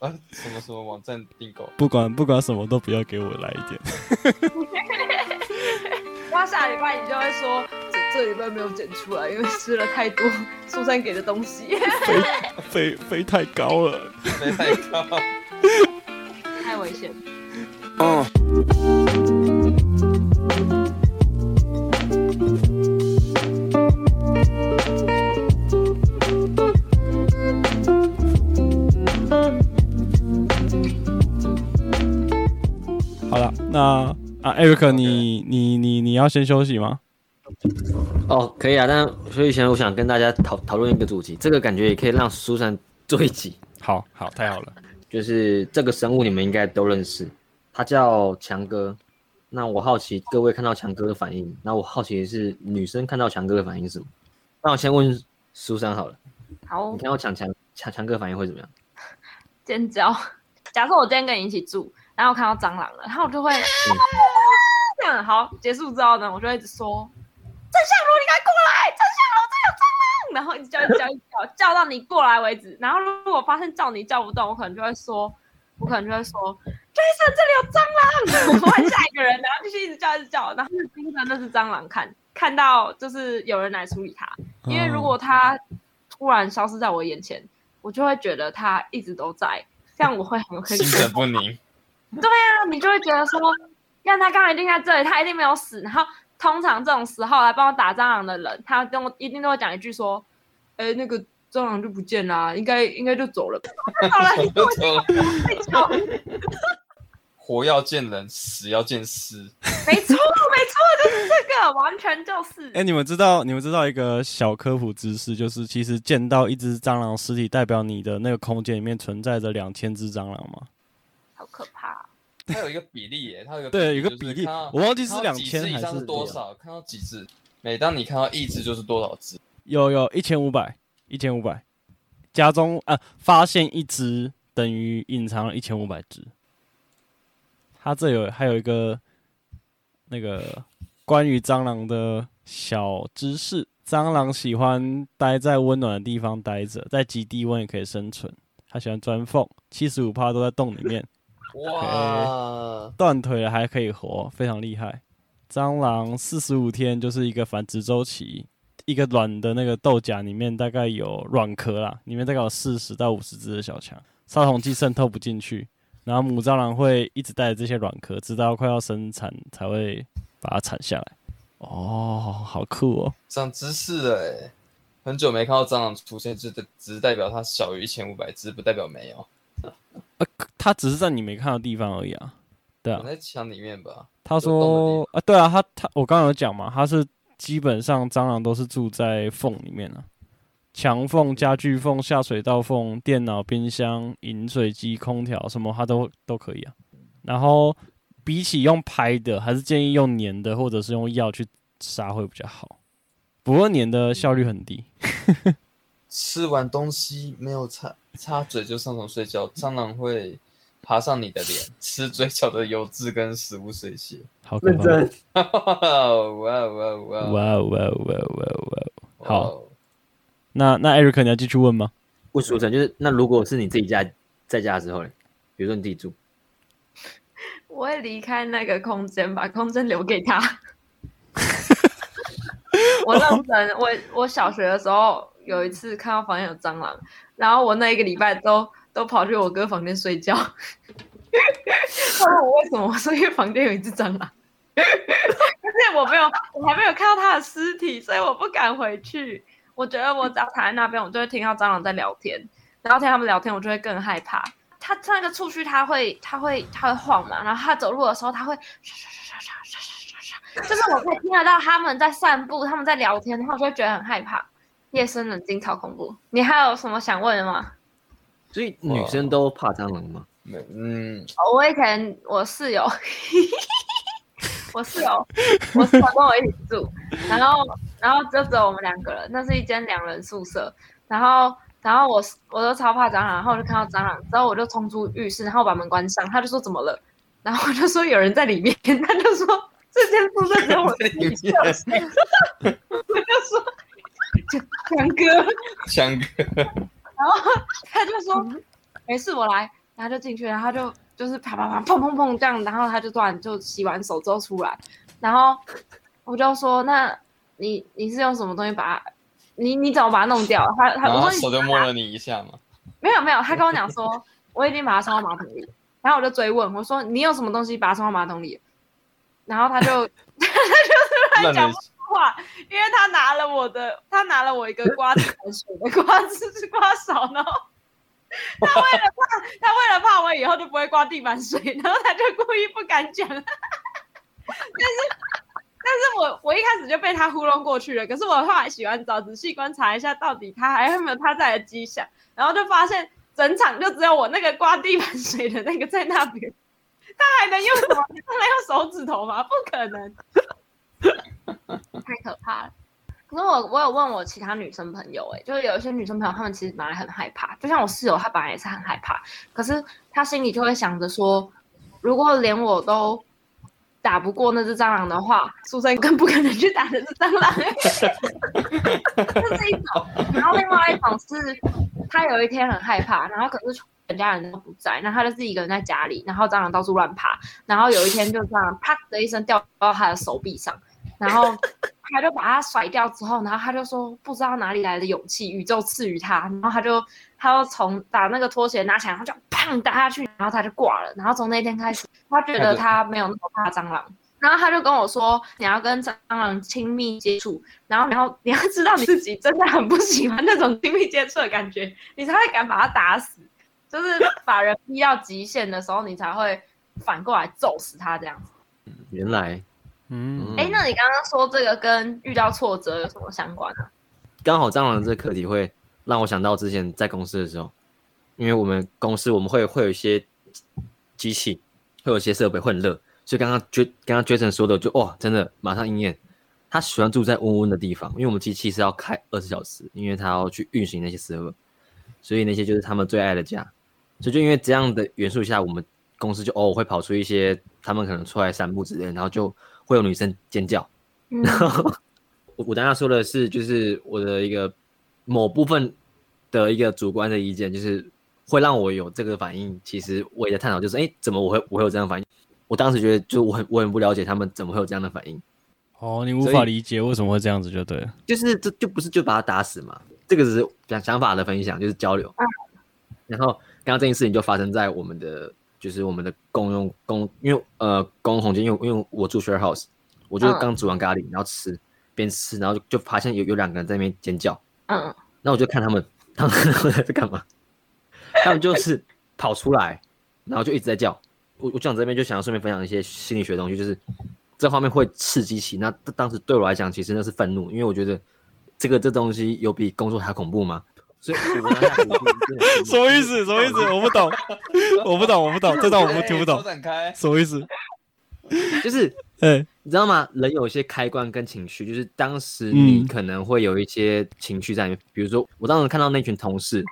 啊，什麼什麼網站訂購？不管不管什麼都不要給我來一點。 哇，下禮拜你就會說，這這禮拜沒有整出來，因為吃了太多蘇珊 給的東西。 飛飛飛太高了， 啊、飛太高， 太危險。嗯、oh.。那啊，艾瑞克，你你你你要先休息嗎？哦、oh,，可以啊。但所以現在我想跟大家討討論一個主題，這個感覺也可以讓蘇珊做一集。好好，太好了。就是這個生物你們應該都認識，他叫強哥。那我好奇各位看到強哥的反應，那我好奇是女生看到強哥的反應是什麼？那我先問蘇珊好了。好。你看到強強強強哥的反應會怎麼樣？尖叫。假設我今天跟你一起住。然後看到蟑螂了，然後我就會、嗯、這樣。好，結束之後呢，我就一直說：“鄭 向茹，你快過來！鄭向茹，這裡有蟑螂！”然後一直叫，一直叫，一叫，叫 叫到你過來為止。然後如果發現叫你叫不動，我可能就會說：“我可能就會說，Jason 這裡有蟑螂！” 我換下一個人，然後就是一直叫，一直叫。然後盯着那隻蟑螂看，看到就是有人來處理它。因為如果它突然消失在我眼前，嗯、我就會覺得它一直都在。這樣我會很有心神不寧。 對啊，你就會覺得說，讓他剛才一定在這裡，他一定沒有死。然後通常這種時候來幫我打蟑螂的人，他跟我一定都會講一句說，哎、欸，那個蟑螂就不見啦，啊，應該應該就走了。好了，你走，你活要見人，死要見屍。沒錯，沒錯，就是這個， 完全就是。哎、欸，你們知道你們知道一個小科普知識，就是其實見到一隻蟑螂屍體，代表你的那個空間裡面存在着兩千隻蟑螂嗎？可怕！它有一個比例耶、欸，它有對有個比例，一個比例，我忘記是兩千還是多少。看到幾隻，每當你看到一隻，就是多少隻？有有一千五百，一千五百。家中啊，發現一隻等於隱藏了一千五百隻。它這有還有一個那個關於蟑螂的小知識：蟑螂喜歡待在溫暖的地方待着，在極低溫也可以生存。它喜歡鑽縫，七十五趴都在洞裡面。 哇，斷腿了還可以活，非常厲害。蟑螂四十五天，就是一個繁殖週期，一個卵的那個豆莢裡面大概有卵殼啦，裡面大概有四十到五十只的小強。殺蟲劑滲透不進去，然後母蟑螂會一直帶着這些卵殼，直到快要生產才會把它產下來。哦，好酷哦，長知識了欸。很久沒看到蟑螂出現，就只是代表它小於一千五百只，不代表沒有。呃、啊，他只是在你沒看到的地方而已啊，對啊，在牆裡面吧。他說，啊，對啊，他他我剛剛有講嘛，他是基本上蟑螂都是住在縫裡面啊，牆縫、家具縫、下水道縫、電腦、冰箱、飲水機、空調什麼，它都都可以啊。然後比起用拍的，還是建議用粘的，或者是用藥去殺會比較好，不過粘的效率很低。嗯 吃完東西沒有擦擦嘴就上床睡覺，蟑螂會爬上你的臉，吃嘴角的油脂跟食物碎屑，好認真。哇哇哇哇哇哇哇哇！好，那那艾瑞克，你要繼續問嗎？不熟成就是那如果是你自己家在家的時候呢？比如說你自己住，我會離開那個空間，把空間留給他。 我認真，oh. 我我小學的時候。有一次看到房間有蟑螂，然後我那一個禮拜都都跑去我哥房間睡覺。他問我為什麼，我說因為房間有一隻蟑螂， 而且我沒有，我還沒有看到它的屍體，所以我不敢回去。我覺得我只要躺在那邊，我就會聽到蟑螂在聊天，然後聽到他們聊天，我就會更害怕。它它那個觸鬚，它會它會它會晃嘛，然後它走路的時候他會哨哨哨哨哨哨哨哨，它會刷刷刷刷刷刷刷刷，就是我可以聽得到他們在散步，他們在聊天然後，我就會覺得很害怕。夜深人靜超恐怖，你還有什麼想問的嗎？所以女生都怕蟑螂嗎？沒、oh. mm -hmm. oh,，嗯，我以前我室友， 我室友，我室友跟我一起住， 然後然後就只有我們兩個人，那是一間兩人宿舍，然後然後我我都超怕蟑螂，然後我就看到蟑螂之後我就衝出浴室，然後把門關上，他就說怎麼了？然後我就說有人在裡面，他就說這間宿舍只有我在裡面，我就說。強哥，強哥， 然後他就說沒事，我來。然後就進去，然後他就就是啪啪啪，砰砰砰這樣。然後他就突然就洗完手之後出來，然後我就說那你你是用什麼東西把它你你怎麼把它弄掉？他他不是我手就摸了你一下嘛。 沒有沒有，他跟我講說我已經把它沖到馬桶裡。然後我就追問我說你有什麼東西把它沖到馬桶裡？然後他就 他就是亂講話，因為他拿了我的，他拿了我一個刮地板水的刮，是刮勺呢。然後他為了怕，他為了怕我以後就不會刮地板水，然後他就故意不敢講。但是，但是我我一開始就被他糊弄過去了。可是我後來洗完澡，仔細觀察一下，到底他還有沒有他在的跡象，然後就發現整場就只有我那個刮地板水的那個在那邊。他還能用什麼？他能用手指頭嗎？不可能。 太可怕了！可是我我有問我其他女生朋友、欸，哎，就是有一些女生朋友，她們其實本來很害怕，就像我室友，她本來也是很害怕，可是她心裡就會想着說，如果連我都打不過那只蟑螂的話，蘇珊更不可能去打那只蟑螂，欸。 這是一種。然後另外一種是，她有一天很害怕，然後可是全家人都不在，然後她就自己一個人在家裡，然後蟑螂到處亂爬，然後有一天，就這樣啪的一聲掉到她的手臂上。 然後他就把他甩掉之後，然後他就說不知道哪裡來的勇氣，宇宙賜予他。然後他就他就從把那個拖鞋拿起來，他就砰打下去，然後他就掛了。然後從那天開始，他覺得他沒有那麼怕蟑螂。然後他就跟我說：“你要跟蟑螂親密接觸，然後然後你要知道你自己真的很不喜歡那種親密接觸的感覺，你才會敢把他打死。就是就把人逼到極限的時候，你才會反過來揍死他這樣子。”原來。嗯，哎，那你剛剛說這個跟遇到挫折有什麼相關呢、啊？剛好蟑螂這個課題會讓我想到之前在公司的時候，因為我們公司我們會會有一些機器，會有一些設備會很熱，所以剛剛覺剛剛 Jason 說的就哇、哦，真的馬上應驗。他喜歡住在溫溫的地方，因為我們機器是要開二十小時，因為他要去運行那些設備，所以那些就是他們最愛的家。所以就因為這樣的元素下，我們公司就偶爾、哦、會跑出一些他們可能出來散步之類，然後就，會有女生尖叫，嗯、然後我我當下說的是就是我的一個某部分的一個主觀的意見，就是會讓我有這個反應。其實我也在探討，就是哎，怎麼我會我會有這樣的反應？我當時覺得就我很我很不了解他們怎麼會有這樣的反應。哦，你無法理解為什麼會這樣子，就對。就是這就不是就把他打死嘛？這個只是講想法的分享，就是交流。啊、然後剛剛這件事情就發生在我們的。就是我們的公用公，因為呃，公共空間，因為因為我住 share house，我就剛煮完咖喱，嗯、然後吃，邊吃，然後就就發現有有兩個人在那邊尖叫，嗯，那我就看他們，他們在幹嘛？他們就是跑出來， 然後就一直在叫。我我講這邊就想要順便分享一些心理學的東西，就是這方面會刺激起。那當時對我來講，其實那是憤怒，因為我覺得這個這個、東西有比工作還恐怖嗎？ 所以我 什麼意思？什麼意思？我不懂， 我不懂，我不懂，這 段我不聽不懂。 展開 什麼意思？就是、欸，你知道嗎？人有一些開關跟情緒，就是當時你可能會有一些情緒在裡面，嗯。比如說，我當時看到那群同事，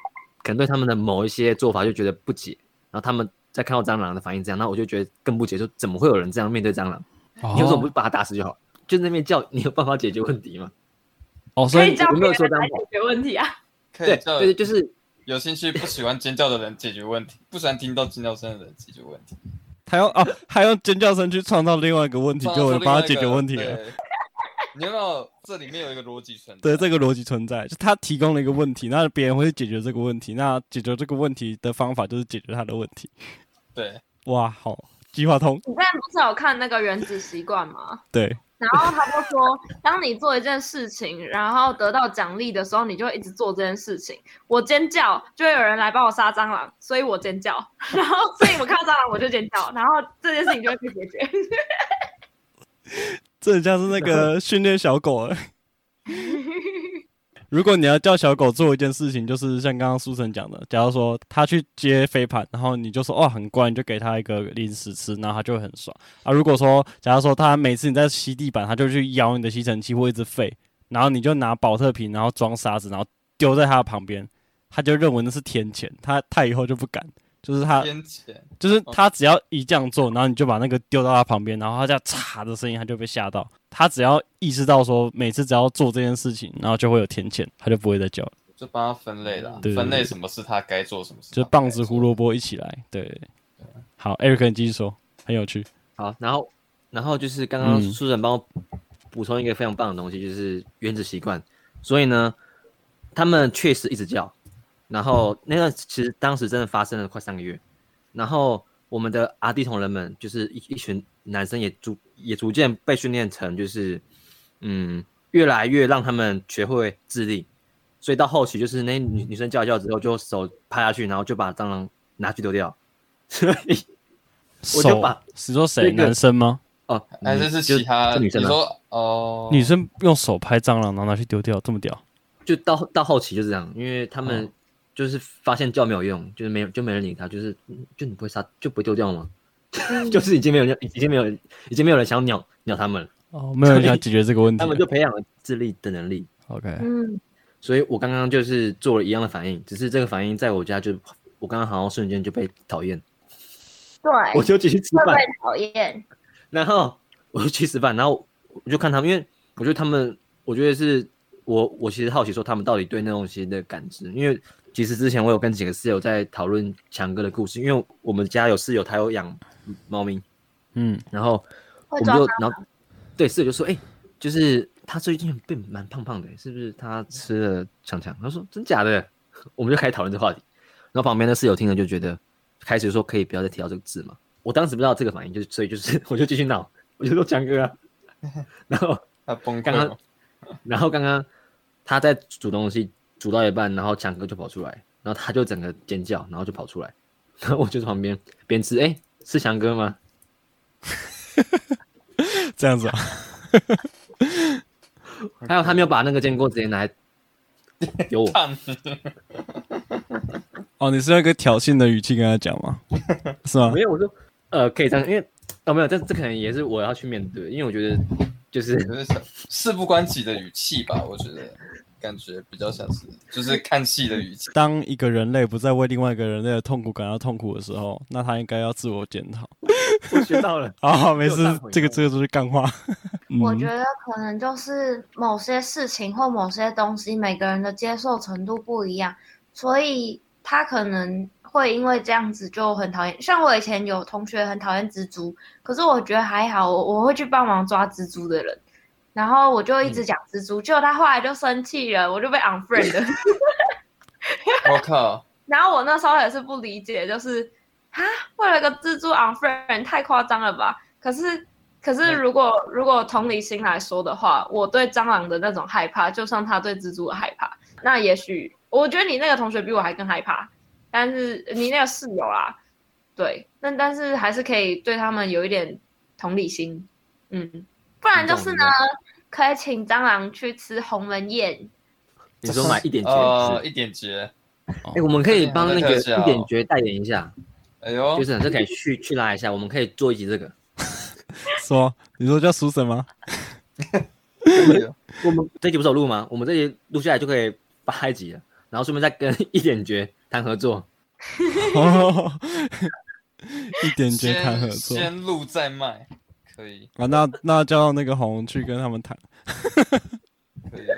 可能對他們的某一些做法就覺得不解，然後他們在看到蟑螂的反應這樣，那我就覺得更不解，就怎麼會有人這樣面對蟑螂？哦，你為什麼不把它打死就好？就在那邊叫你有辦法解決問題嗎？哦，所以我有沒有說蟑螂。解決問題啊。對對，就是有興趣不喜歡尖叫的人解決問題， 不喜歡聽到尖叫聲的人解決問題。他用哦、啊，他用尖叫聲去創造另外一個問題，我就幫他解決問題了。你有沒有這裡面有一個邏輯存在？ 對，這個邏輯存在，就他提供了一個問題，那別人會解決這個問題，那解決這個問題的方法就是解決他的問題。對，哇，好計劃通。你現在不是有看那個《原子習慣》嗎？ 對。 然後他就說，當你做一件事情，然後得到獎勵的時候，你就會一直做這件事情。我尖叫，就會有人來幫我殺蟑螂，所以我尖叫。然後，所以我看到蟑螂我就尖叫， 然後這件事情就會被解決。 這也像是那個訓練小狗。 如果你要叫小狗做一件事情，就是像剛剛蘇晨講的，假如說他去接飛盤，然後你就說“哦，很乖”，你就給他一個零食吃，然後他就很爽啊。如果說，假如說他每次你在吸地板，他就去咬你的吸塵器或一直吠，然後你就拿保特瓶，然後裝沙子，然後丟在他旁邊，他就認為那是天譴，他它以後就不敢。就是他，就是他，只要一這樣做，然後你就把那個丟到他旁邊，然後他這樣“嚓”的聲音，他就被嚇到。他只要意識到說，每次只要做這件事情，然後就會有天譴，他就不會再叫。就幫他分類了，分類什麼是他該做什麼，就棒子胡蘿蔔一起來，對對對對。對，好，Eric，你繼續說，很有趣。好，然後，然後就是剛剛舒展幫我補充一個非常棒的東西，嗯、就是原子習慣。所以呢，他們確實一直叫。然後那段、個、其實當時真的發生了快三個月，然後我們的阿弟同仁們就是一一群男生也逐也逐漸被訓練成就是，嗯，越來越讓他們學會自立，所以到後期就是那女女生叫一叫之後就手拍下去，然後就把蟑螂拿去丟掉，所以我就把、那個、是說誰男生嗎？哦，男生是其他、嗯、就女生說哦，女生用手拍蟑螂，然後拿去丟掉，這麼屌？就到到後期就是這樣，因為他們、哦。就是發現叫沒有用，就是沒有就沒人理他，就是就你不會殺，就不會丟掉嗎？ 就是已經沒有，已經沒有人，已經沒有人想要鳥鳥他們了哦，沒有人想解決這個問題。他們就培養了自立的能力。OK，嗯，所以我剛剛就是做了一樣的反應，只是這個反應在我家就我剛剛好像瞬間就被討厭，對我就繼續吃飯討厭，然後我就去吃飯，然後我就看他們，因為我覺得他們，我覺得是我我其實好奇說他們到底對那東西的感知，因為。其實之前我有跟幾個室友在討論強哥的故事，因為我們家有室友他有養貓咪， 嗯，然後我們就然後對室友就說，哎、欸，就是他最近變蠻胖胖的，是不是他吃了強強、嗯？他說真假的，我們就開始討論這個話題。然後旁邊的室友聽了就覺得，開始說可以不要再提到這個字嘛。我當時不知道這個反應，就所以就是我就繼續鬧，我就說強哥啊， 然後剛剛他崩潰了，然後剛剛他在煮東西。煮到一半，然後強哥就跑出來，然後他就整個尖叫，然後就跑出來，然後我就在旁邊邊吃，哎、欸，是強哥嗎？ 這樣子、喔， 還好他沒有把那個煎鍋直接拿來丟我。 哦，你是用一個挑釁的語氣跟他講嗎？ 是嗎？沒有，我說，呃，可以這樣，因為哦，沒有，這這可能也是我要去面對，因為我覺得就是， 就是事不關己的語氣吧，我覺得。感覺比較像是，就是看戲的語氣。當一個人類不再為另外一個人類的痛苦感到痛苦的時候，那他應該要自我檢討。 我學到了啊， 沒事，這個這個就是幹話。 我覺得可能就是某些事情或某些東西，每個人的接受程度不一樣，所以他可能會因為這樣子就很討厭。像我以前有同學很討厭蜘蛛，可是我覺得還好，我我會去幫忙抓蜘蛛的人。然後我就一直講蜘蛛、嗯，結果他後來就生氣了，我就被 unfriend 了我 靠！然後我那時候也是不理解，就是啊，為了個蜘蛛 unfriend 太誇張了吧？可是，可是如果、嗯、如果同理心來說的話，我對蟑螂的那種害怕，就像他對蜘蛛的害怕，那也許我覺得你那個同學比我還更害怕，但是你那個室友啊，對，那但,但是還是可以對他們有一點同理心，嗯，不然就是呢。嗯嗯可以請蟑螂去吃鴻門宴。你說買一點絕，一點絕。哎、呃、欸，我們可以幫那個一點絕代言一下。哎呦，就是這可以去 去拉一下，我們可以做一集這個。說，你說叫蘇神嗎？ 嗎？我們這集不是有錄嗎？我們這集錄下來就可以拍集了，然後順便再跟一點絕談合作。嗯、 一點絕談合作，先錄再賣。可以啊，那那叫那個紅去跟他們談。 可以，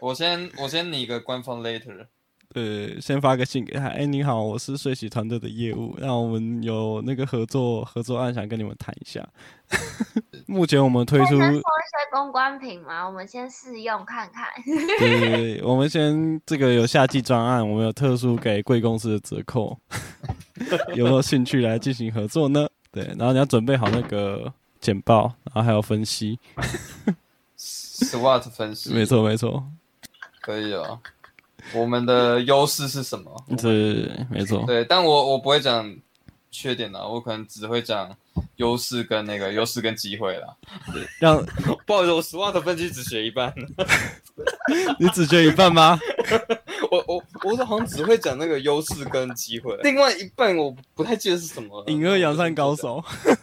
我先我先擬一個官方 letter，對，先發個信給他。哎、欸，你好，我是睡習團隊的業務，讓我們有那個合作合作案，想跟你們談一下。 目前我們推出公關品嘛，我們先試用看看。 對，對，對，我們先這個有夏季專案，我們有特殊給貴公司的折扣， 有沒有興趣來進行合作呢？ 對，然後你要準備好那個。簡報，然後還有分析 ，SWOT 分析，沒錯沒錯，可以哦。我們的優勢是什麼？對，沒錯。對，但我我不會講缺點了，我可能只會講優勢跟那個優勢跟機會了。讓 對， 不好意思，我 SWOT 分析只學一半， 你只學一半嗎？ 我我我說好像只會講那個優勢跟機會， 另外一半我不太記得是什麼了，隱惡揚善高手。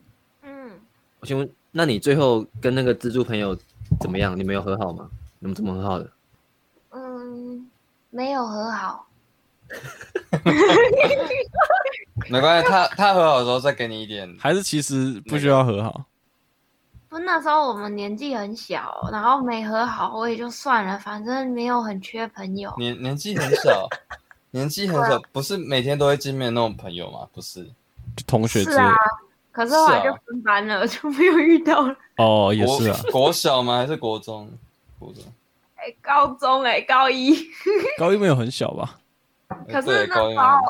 我請問，那你最後跟那個蜘蛛朋友怎麼樣？你沒有和好嗎？你們怎麼和好的？嗯，沒有和好。 沒關係，他他和好的時候再給你一點。還是其實不需要和好。不，那個，那時候我們年紀很小，然後沒和好，我也就算了，反正沒有很缺朋友。年年紀很小， 年紀很小，不是每天都會見面那種朋友嗎？不是，同學之類。可是後來就分班了，啊，就沒有遇到了。哦，也是啊， 國小嗎？還是國中？國中。哎、欸，高中哎、欸，高一。 高一沒有很小吧？欸、對，可是那時、個、小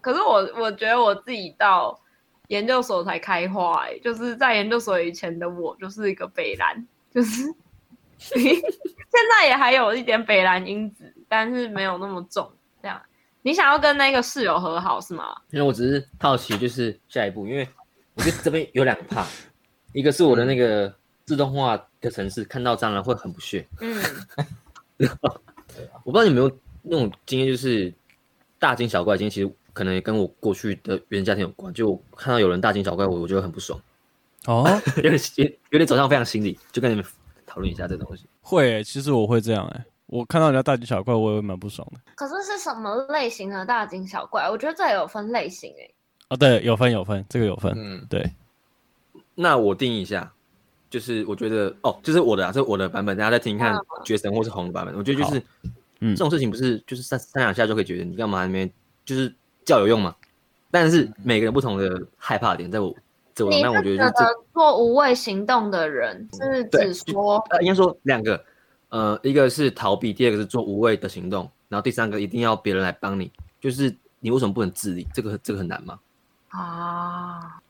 可是我我覺得我自己到研究所才開花哎、欸，就是在研究所以前的我就是一個北蘭，就是 現在也還有一點北蘭因子，但是沒有那麼重。這樣，你想要跟那個室友和好是嗎？因為我只是好奇，就是下一步，因為。我覺得這邊有兩個怕，一個是我的那個自動化的程式，看到蟑螂會很不屑。嗯， 我不知道你有沒有那種經驗，就是大驚小怪。今天其實可能也跟我過去的原家庭有關，就看到有人大驚小怪，我我覺得很不爽。哦， 有點有點走向非常心理，就跟你們討論一下這東西。會、欸，其實我會這樣哎、欸，我看到人家大驚小怪，我也蠻不爽的。可是是什麼類型的大驚小怪？我覺得這也有分類型哎、欸。哦，對，有分有分，這個有分。嗯，對。那我定義一下，就是我覺得哦，就是我的啊，是我的版本，大家再聽聽看，絕神或是紅的版本。我覺得就是，嗯，這種事情不是就是三三兩下就可以決定，你幹嘛那邊就是叫有用嘛？但是每個人不同的害怕點在我，在我怎麼那我覺得就、這個、做無謂行動的人、就是只說就，呃，應該說兩個，呃，一個是逃避，第二個是做無謂的行動，然後第三個一定要別人來幫你，就是你為什麼不能自立？這個這個很難嗎？啊，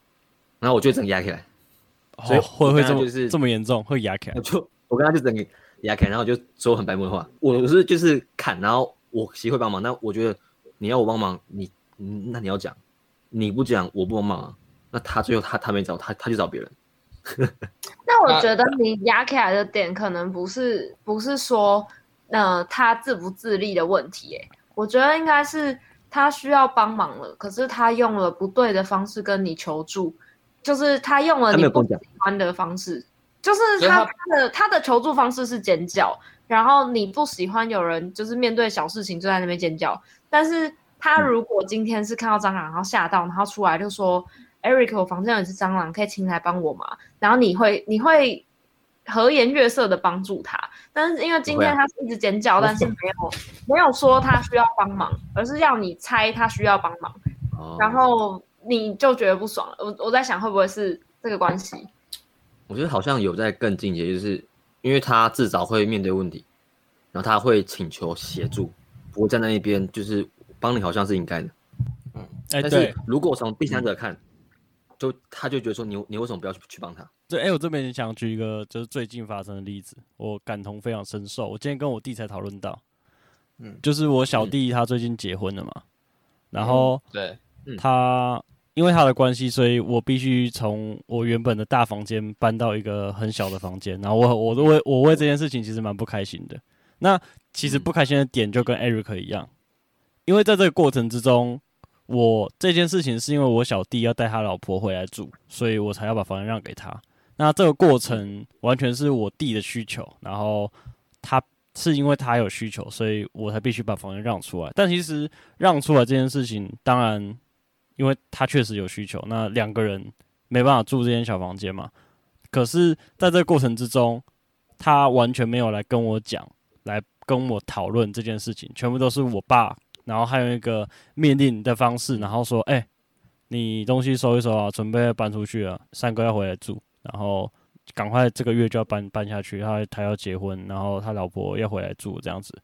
然後我就整壓起來，哦、所以、就是、會不會這麼就是這麼嚴重，會壓起來。我就我跟他就整個壓起來，然後我就說我很白目的話，我是就是砍，然後我誰會幫忙，那我覺得你要我幫忙，你那你要講，你不講我不幫忙，那他最後他他沒找他他去找別人。 那我覺得你壓起來的點可能不是不是說呃他自不自立的問題、欸，哎，我覺得應該是。他需要幫忙了，可是他用了不對的方式跟你求助，就是他用了你不喜歡的方式，他就是他的他，他的求助方式是尖叫，然後你不喜歡有人就是面對小事情就在那邊尖叫，但是他如果今天是看到蟑螂，然後嚇到，然後出來就說，嗯，Eric，我房間有隻蟑螂，可以請來幫我嗎？然後你會你會。和顏悅色的幫助他，但是因為今天他是一直尖叫，oh, yeah. 但是沒有沒有說他需要幫忙，oh, 而是要你猜他需要幫忙，oh. 然後你就覺得不爽了。我我在想會不會是這個關係？我覺得好像有在更進階，就是因為他至少會面對問題，然後他會請求協助，不會站在一邊，就是幫你好像是應該的，嗯、欸，但是如果從第三者看。嗯就他就覺得說，你你為什麼不要去去幫他？就，哎、欸，我這邊想舉一個就是最近發生的例子，我感同非常深受。我今天跟我弟才討論到，嗯，就是我小弟他最近結婚了嘛，嗯、然後對，他、嗯、因為他的關係，所以我必須從我原本的大房間搬到一個很小的房間，然後我我，我為我為這件事情其實蠻不開心的。那其實不開心的點就跟艾瑞克一樣，因為在這個過程之中。我這件事情是因為我小弟要帶他老婆回來住，所以我才要把房間讓給他。那這個過程完全是我弟的需求，然後他是因為他有需求，所以我才必須把房間讓出來。但其實讓出來這件事情，當然因為他確實有需求，那兩個人沒辦法住這間小房間嘛。可是，在這個過程之中，他完全沒有來跟我講，來跟我討論這件事情，全部都是我爸。然後還有一個命令的方式，然後說：“哎、欸，你東西收一收啊，準備搬出去了。三哥要回來住，然後趕快這個月就要搬搬下去。他他要結婚，然後他老婆要回來住這樣子。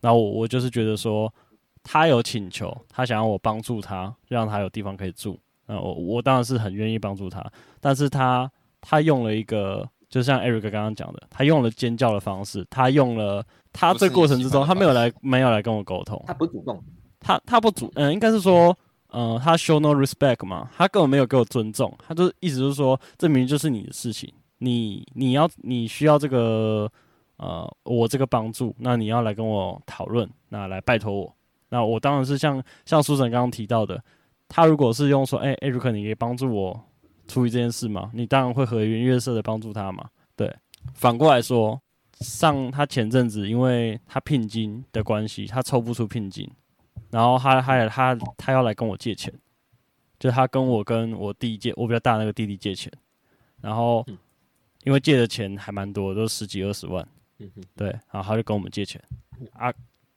然後我我就是覺得說，他有請求，他想要我幫助他，讓他有地方可以住。那我我當然是很願意幫助他，但是他他用了一個，就像 Eric 哥剛剛講的，他用了尖叫的方式，他用了。”他這過程之中，他沒有來，沒有來跟我溝通。他不主動，他他不主，嗯，應該是說，嗯，他 show no respect 嘛，他根本沒有給我尊重。他就是，意思就是說，這明明就是你的事情，你你要你需要這個，呃，我這個幫助，那你要來跟我討論，那來拜託我，那我當然是像像書神剛剛提到的，他如果是用說，哎，艾瑞克，你可以幫助我處理這件事嗎？你當然會和顏悅色的幫助他嘛，對。反過來說。上他前陣子，因為他聘金的關係，他抽不出聘金，然後他，還他，他，他要來跟我借錢，就是他跟我跟我弟借，我比較大那個弟弟借錢，然後因為借的錢還蠻多，都十幾二十萬，對，然後他就跟我們借錢啊，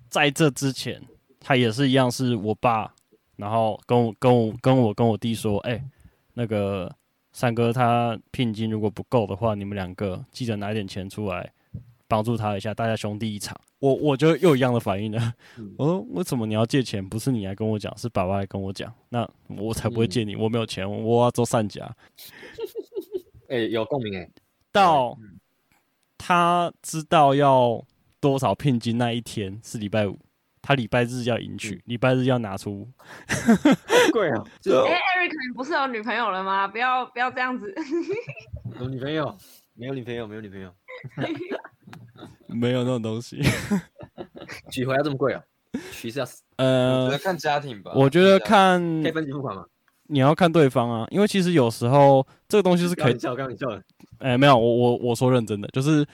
在這之前，他也是一樣，是我爸，然後跟我跟我跟我跟我弟說，哎，那個三哥他聘金如果不夠的話，你們兩個記得拿點錢出來。幫助他一下，大家兄弟一場。我我就又有一樣的反應了。哦、嗯，我為什麼你要借錢？不是你來跟我講，是爸爸來跟我講。那我才不會借你，嗯、我沒有錢，我要做善家。哎、欸，有共鳴哎。到他知道要多少聘金那一天是禮拜五，他禮拜日要迎娶，禮、嗯、拜日要拿出。 貴啊！哎、就是欸、Eric，你不是有女朋友了嗎？不要不要這樣子。 有女朋友。沒有女朋友，沒有女朋友， 沒有那種東西，娶 回來這麼貴哦？娶呃，我覺得看家庭吧。我覺得看可以分期付款嗎？你要看對方啊，因為其實有時候這個東西是可以。剛的。哎、欸，沒有，我我我說認真的，就是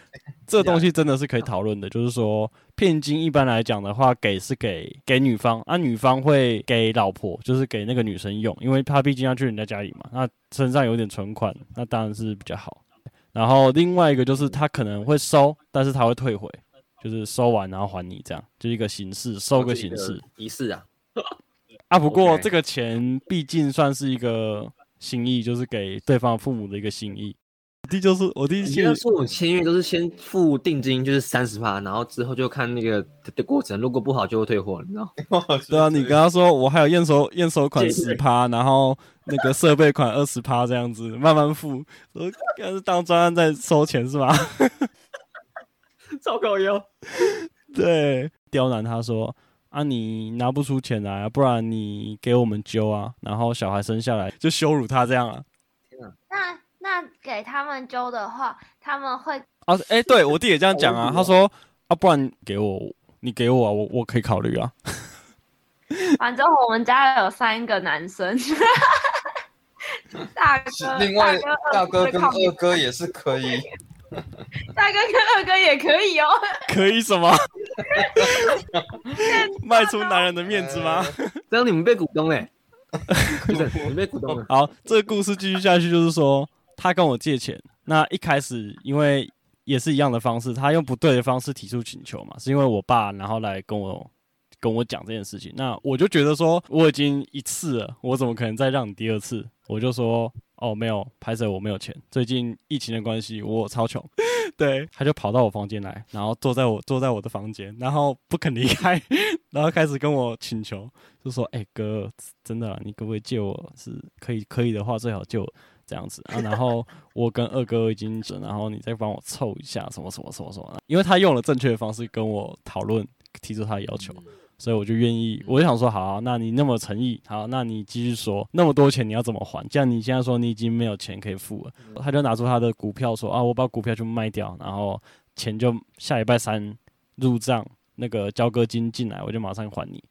這個、東西真的是可以討論的。就是說，聘金一般來講的話，給是給給女方，那、啊、女方會給老婆，就是給那個女生用，因為她畢竟要去人家家裡嘛。那身上有點存款，那當然是比較好。然後另外一個就是他可能會收，但是他會退回，就是收完然後還你這樣，就一個形式收個形式、啊、儀式啊 啊！不過這個錢畢竟算是一個心意，就是給對方父母的一個心意。我弟就是我弟，你要說我們簽約都是先付定金，就是三十趴，然後之後就看那個的、的過程，如果不好就會退貨，你知道？對啊，你跟他說我還有驗收驗收款十趴，然後那個設備款二十趴這樣子 慢慢付，剛剛是當專案在收錢是嗎？超高要對刁難他說啊，你拿不出錢來啊，不然你給我們揪啊，然後小孩生下來就羞辱他這樣啊？天啊那給他們揪的話，他們會啊？哎、欸，對我弟也這樣講啊。他說啊，不然給我，你給我、啊，我我可以考慮啊。反正我們家有三個男生， 大哥，另外大哥，大哥跟二哥也是可以， 大哥跟二哥也可以哦。 可以什麼？ 賣出男人的面子嗎？有 你們被鼓動哎，們 被鼓動。好，這個故事繼續下去就是說。 他跟我借錢，那一開始因為也是一樣的方式，他用不對的方式提出請求嘛，是因為我爸然後來跟我跟我講這件事情，那我就覺得說我已經一次了，我怎麼可能再讓你第二次？我就說哦，喔、沒有抱歉，我沒有錢，最近疫情的關係，我超窮。 對，他就跑到我房間來，然後坐在我坐在我的房間，然後不肯離開， 然後開始跟我請求，就說：“哎、欸、哥，真的、啊，你可不可以借我？是可以可以的話，最好就。”這樣子啊，然後我跟二哥已經整，然後你再幫我湊一下什麼什麼什麼什麼，因為他用了正確的方式跟我討論，提出他的要求，所以我就願意，我就想說好啊，那你那麼誠意，好啊，那你繼續說，那麼多錢你要怎麼還？既然你現在說你已經沒有錢可以付了，他就拿出他的股票說啊，我把股票就賣掉，然後錢就下禮拜三入賬，那個交割金進來，我就馬上還你。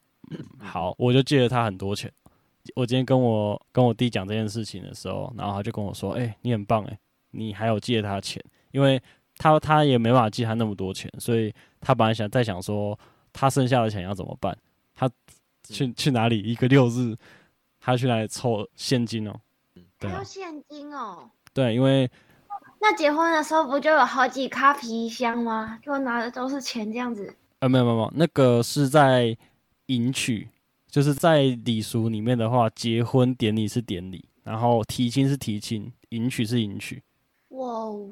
好，我就借了他很多錢。我今天跟我跟我弟講這件事情的時候，然後他就跟我說：“哎，你很棒哎，你還有借他錢，因為他他也沒辦法借他那麼多錢，所以他本來想在想說他剩下的錢要怎麼辦，他去去哪裡？一個六日，他去來湊現金哦？要現金哦？對，因為那結婚的時候不就有好幾咖皮箱嗎？就拿的都是錢這樣子？呃，沒有沒有沒有，那個是在迎娶。就是在禮俗裡面的話，結婚典禮是典禮，然後提親是提親，迎娶是迎娶。哇哦，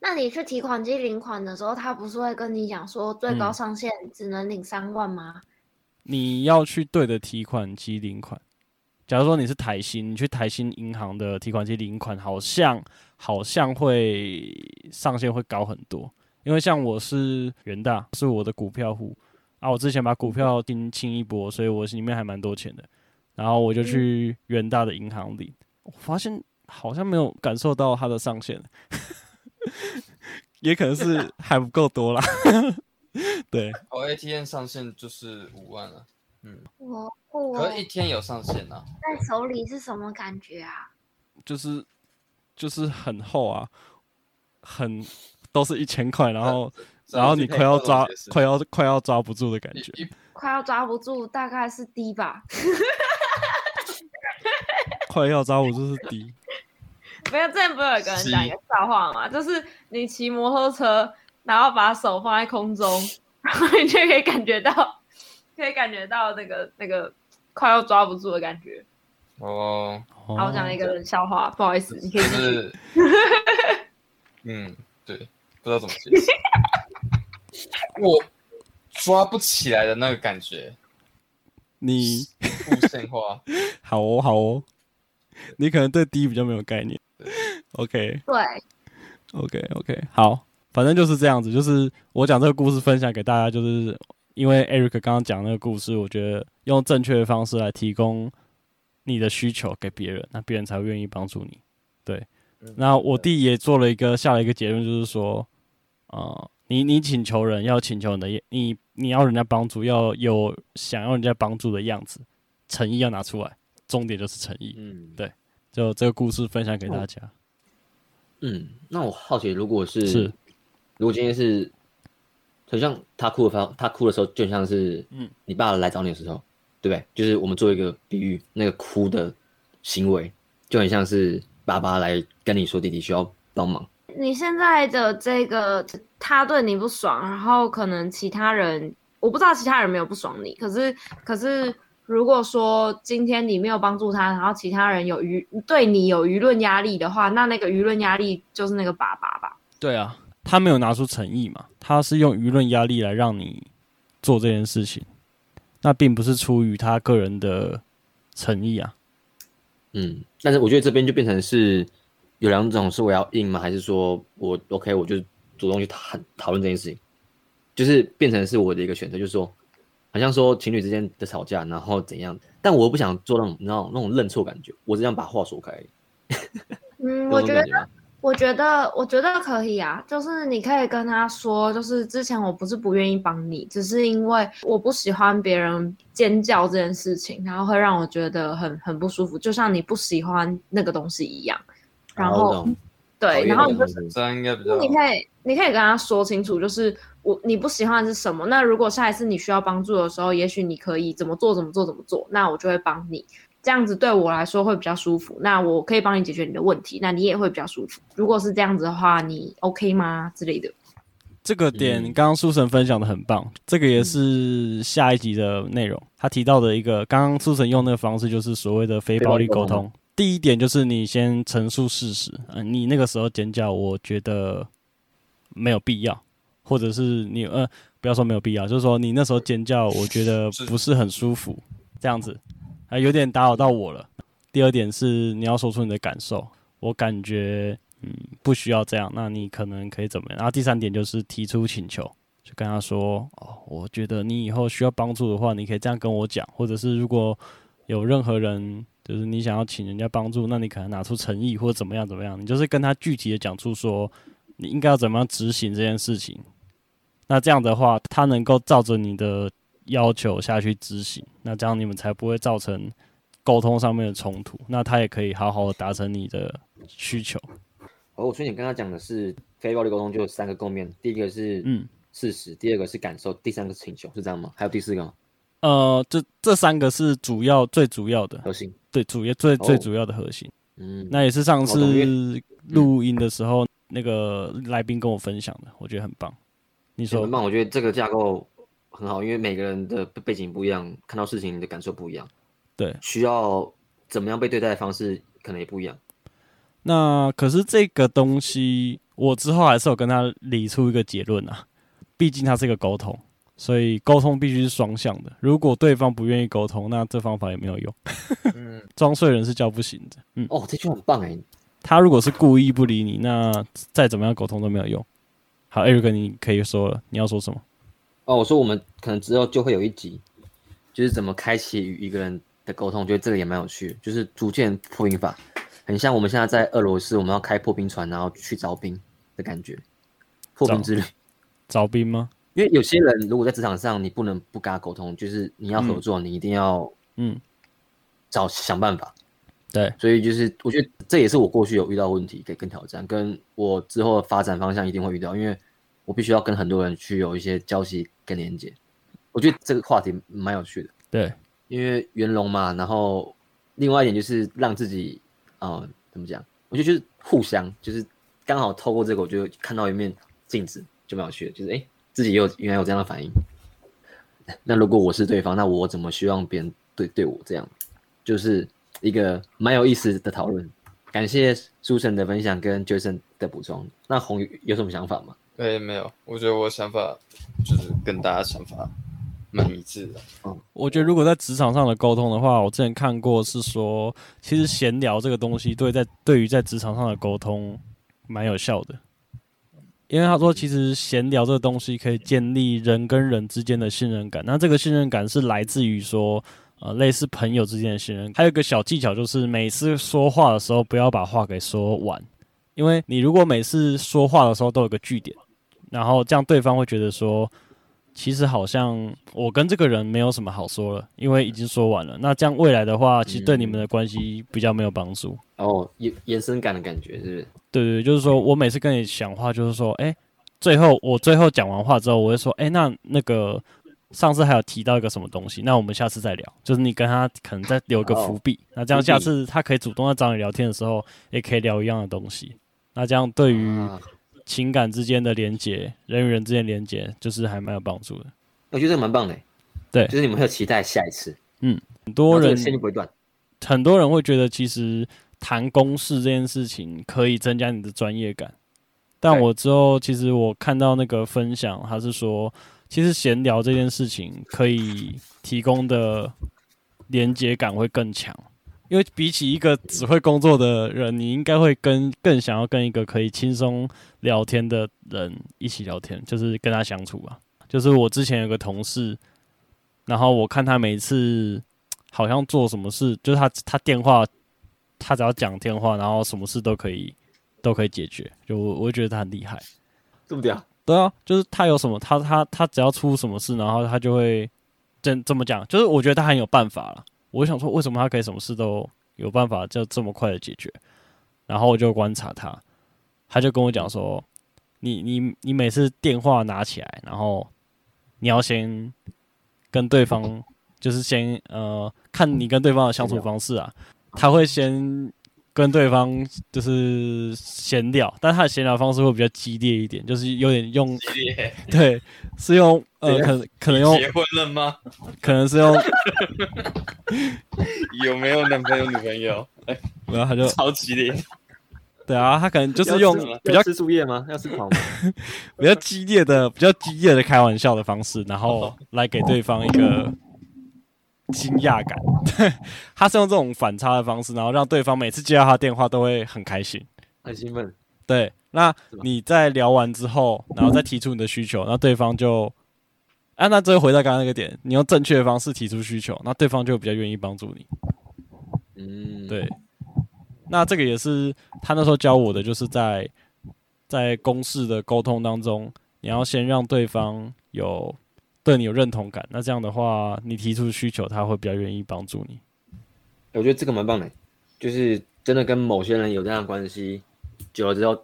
那你去提款機領款的時候，他不是會跟你講說最高上限只能領三萬嗎？嗯？你要去對的提款機領款。假如說你是台新，你去台新銀行的提款機領款，好像好像會上限會高很多。因為像我是元大，是我的股票戶。啊，我之前把股票定清一波，所以我心裡面還蠻多錢的，然後我就去元大的銀行裡，我發現好像沒有感受到它的上限， 也可能是還不夠多了， 對。我 ATM 上限就是五萬了，嗯。我我。可一天有上限了啊，在手裡是什麼感覺啊？就是就是很厚啊，很都是一千塊，然後。 然後你快要抓快要快要抓不住的感覺，快要抓不住，大概是低吧。快要抓不住是低。 要不是 沒有，這不是有一個人講一個笑話嗎？就是你騎摩托車，然後把手放在空中，然後你就可以感覺到，可以感覺到那個那個快要抓不住的感覺。哦，好，我講一個冷笑話、嗯，不好意思，你可以。就是。 嗯，對，不知道怎麼解釋。 我抓不起來的那個感覺，你無限化， 好哦，好哦，你可能對 D 比較沒有概念。OK，對，OK，OK，、okay, okay. 好，反正就是這樣子，就是我講這個故事分享給大家，就是因為 Eric 剛剛講那個故事，我覺得用正確的方式來提供你的需求給別人，那別人才會願意幫助你。對，嗯、那我弟也做了一個下了一個結論，就是說啊。呃你你請求人要請求人的，你你要人家幫助，要有想要人家幫助的樣子，誠意要拿出來，重點就是誠意。嗯，對，就這個故事分享給大家。哦、嗯，那我好奇，如果是，是，如果今天是，很像他哭的方，他哭的時候，就像是，嗯，你爸爸來找你的時候，嗯、對不對？就是我們做一個比喻，那個哭的行為，就很像是爸爸來跟你說弟弟需要幫忙。你現在的這個，他對你不爽，然後可能其他人，我不知道其他人沒有不爽你，可是可是，如果說今天你沒有幫助他，然後其他人有輿對你有輿論壓力的話，那那個輿論壓力就是那個爸爸吧？對啊，他沒有拿出誠意嘛，他是用輿論壓力來讓你做這件事情，那並不是出於他個人的誠意啊。嗯，但是我覺得這邊就變成是。有兩種是我要硬嗎？還是說我 OK，我就主動去談討論這件事情，就是變成是我的一個選擇，就是說，好像說情侶之間的吵架，然後怎樣？但我不想做那種，那種那種認錯感覺，我是這樣把話說開。 嗯， 我覺得，我覺得，我覺得可以啊。就是你可以跟他說，就是之前我不是不願意幫你，只是因為我不喜歡別人尖叫這件事情，然後會讓我覺得很很不舒服，就像你不喜歡那個東西一樣。然後，對、哦，然後你就那你可以，你可以跟他說清楚，就是我，你不喜歡的是什麼？那如果下一次你需要幫助的時候，也許你可以怎麼做，怎麼做，怎麼做？那我就會幫你。這樣子對我來說會比較舒服。那我可以幫你解決你的問題，那你也會比較舒服。如果是這樣子的話，你 OK 嗎？之類的。嗯、這個點剛剛蘇神分享的很棒，這個也是下一集的內容、嗯。他提到的一個，剛剛蘇神用的那個方式，就是所謂的非暴力溝通。第一點就是你先陳述事實，嗯、呃，你那個時候尖叫，我覺得沒有必要，或者是你呃不要說沒有必要，就是說你那時候尖叫，我覺得不是很舒服，這樣子，還、呃、有點打擾到我了。第二點是你要說出你的感受，我感覺嗯不需要這樣，那你可能可以怎麼樣？然後第三點就是提出請求，就跟他說哦，我覺得你以後需要幫助的話，你可以這樣跟我講，或者是如果有任何人。就是你想要請人家幫助，那你可能拿出誠意或者怎麼樣怎麼樣，你就是跟他具體的講出說你應該要怎麼樣執行這件事情。那這樣的話，他能夠照着你的要求下去執行，那這樣你們才不會造成溝通上面的衝突。那他也可以好好的達成你的需求。哦，所以你跟他講的是非暴力溝通就有三個構面，第一個是嗯事實嗯，第二個是感受，第三個是請求，是這樣嗎？還有第四個嗎？呃，這這三個是主要最主要的核心，對，主要最、哦、最主要的核心，嗯，那也是上次錄音的時候那個來賓跟我分享的，我覺得很棒你說、欸、很棒，我覺得這個架構很好，因為每個人的背景不一樣，看到事情的感受不一樣，對，需要怎麼樣被對待的方式可能也不一樣。那可是這個東西，我之後還是有跟他理出一個結論啊，畢竟它是一個溝通。所以溝通必須是雙向的。如果對方不願意溝通，那這方法也沒有用。裝 睡人是叫不行的。嗯，哦，這句話很棒哎。他如果是故意不理你，那再怎麼樣溝通都沒有用。好，艾瑞克，你可以說了，你要說什麼？哦，我說我們可能之後就會有一集，就是怎麼開啟與一個人的溝通。覺得這個也蠻有趣的，就是逐漸破冰法，很像我們現在在俄羅斯，我們要開破冰船，然後去鑿冰的感覺。破冰之旅？鑿冰嗎？因為有些人如果在職場上，你不能不跟他溝通，就是你要合作，嗯、你一定要嗯找想辦法。對，所以就是我覺得這也是我過去有遇到問題，以跟挑戰，跟我之後的發展方向一定會遇到，因為我必須要跟很多人去有一些交集跟連接。我覺得這個話題蠻有趣的。對，因為圓融嘛，然後另外一點就是讓自己啊、呃、怎麼講？我覺得就是互相，就是剛好透過這個，我就看到一面鏡子，就蠻有趣的，就是哎。欸自己也有應該有這樣的反應，那如果我是對方，那我怎麼希望別人對對我這樣？就是一個蠻有意思的討論。感謝蘇生的分享跟 Jason 的補充。那紅有，有什麼想法嗎？哎，沒有，我覺得我想法就是跟大家想法蠻一致的。嗯，我覺得如果在職場上的溝通的話，我之前看過是說，其實閒聊這個東西對在對於在職場上的溝通蠻有效的。因為他說，其實閒聊這個東西可以建立人跟人之間的信任感，那這個信任感是來自於說，呃，類似朋友之間的信任感。還有一個小技巧就是，每次說話的時候不要把話給說完，因為你如果每次說話的時候都有個句點，然後這樣對方會覺得說，其實好像我跟這個人沒有什麼好說了，因為已經說完了。那這樣未來的話，其實對你們的關係比較沒有幫助。哦，延延伸感的感覺是不是？對對，就是說我每次跟你講話，就是說，哎，最後我最後講完話之後，我會說，哎，那那個上次還有提到一個什麼東西，那我們下次再聊。就是你跟他可能再留個伏筆，oh, 那這樣下次他可以主動來找你聊天的時候，也可以聊一樣的東西。那這樣對於情感之間的連接，uh... 人與人之間的連接，就是還蠻有幫助的。我覺得蠻棒的。對，就是你們會有期待下一次。嗯，很多人很多人會覺得，其實。談公事這件事情可以增加你的專業感，但我之後其實我看到那個分享，他是說，其實閒聊這件事情可以提供的連接感會更強，因為比起一個只會工作的人，你應該會跟更想要跟一個可以輕鬆聊天的人一起聊天，就是跟他相處吧。就是我之前有個同事，然後我看他每次好像做什麼事，就是他他電話。他只要講電話，然後什麼事都可以，都可以解決。就我，我覺得他很厲害，對不對啊？對啊，就是他有什麼，他他他只要出什麼事，然後他就會這這麼講。就是我覺得他很有辦法了。我想說，為什麼他可以什麼事都有辦法，就這麼快的解決？然後我就觀察他，他就跟我講說：“你你你每次電話拿起來，然後你要先跟對方，就是先呃，看你跟對方的相處方式啊。”他會先跟對方就是閒聊，但他的閒聊的方式會比較激烈一點，就是有點用，對，是用呃，可可能用結婚了嗎？可能是用 有沒有男朋友女 朋友、欸？然後他就超激烈，對啊，他可能就是用比較吃樹葉嗎？要吃草嗎？ 比較激烈的、比較激烈的開玩笑的方式，然後來給對方一個。驚訝感。對，他是用這種反差的方式，然後讓對方每次接到他的電話都會很開心、很興奮。對，那你在聊完之後，然後再提出你的需求，那對方就……啊，那最後回到剛剛那個點，你用正確的方式提出需求，那對方就比較願意幫助你。嗯，對。那這個也是他那時候教我的，就是在在公事的溝通當中，你要先讓對方有。對你有認同感，那這樣的話，你提出需求，他會比較願意幫助你。我覺得這個蠻棒的，就是真的跟某些人有這樣的關係，久了之後，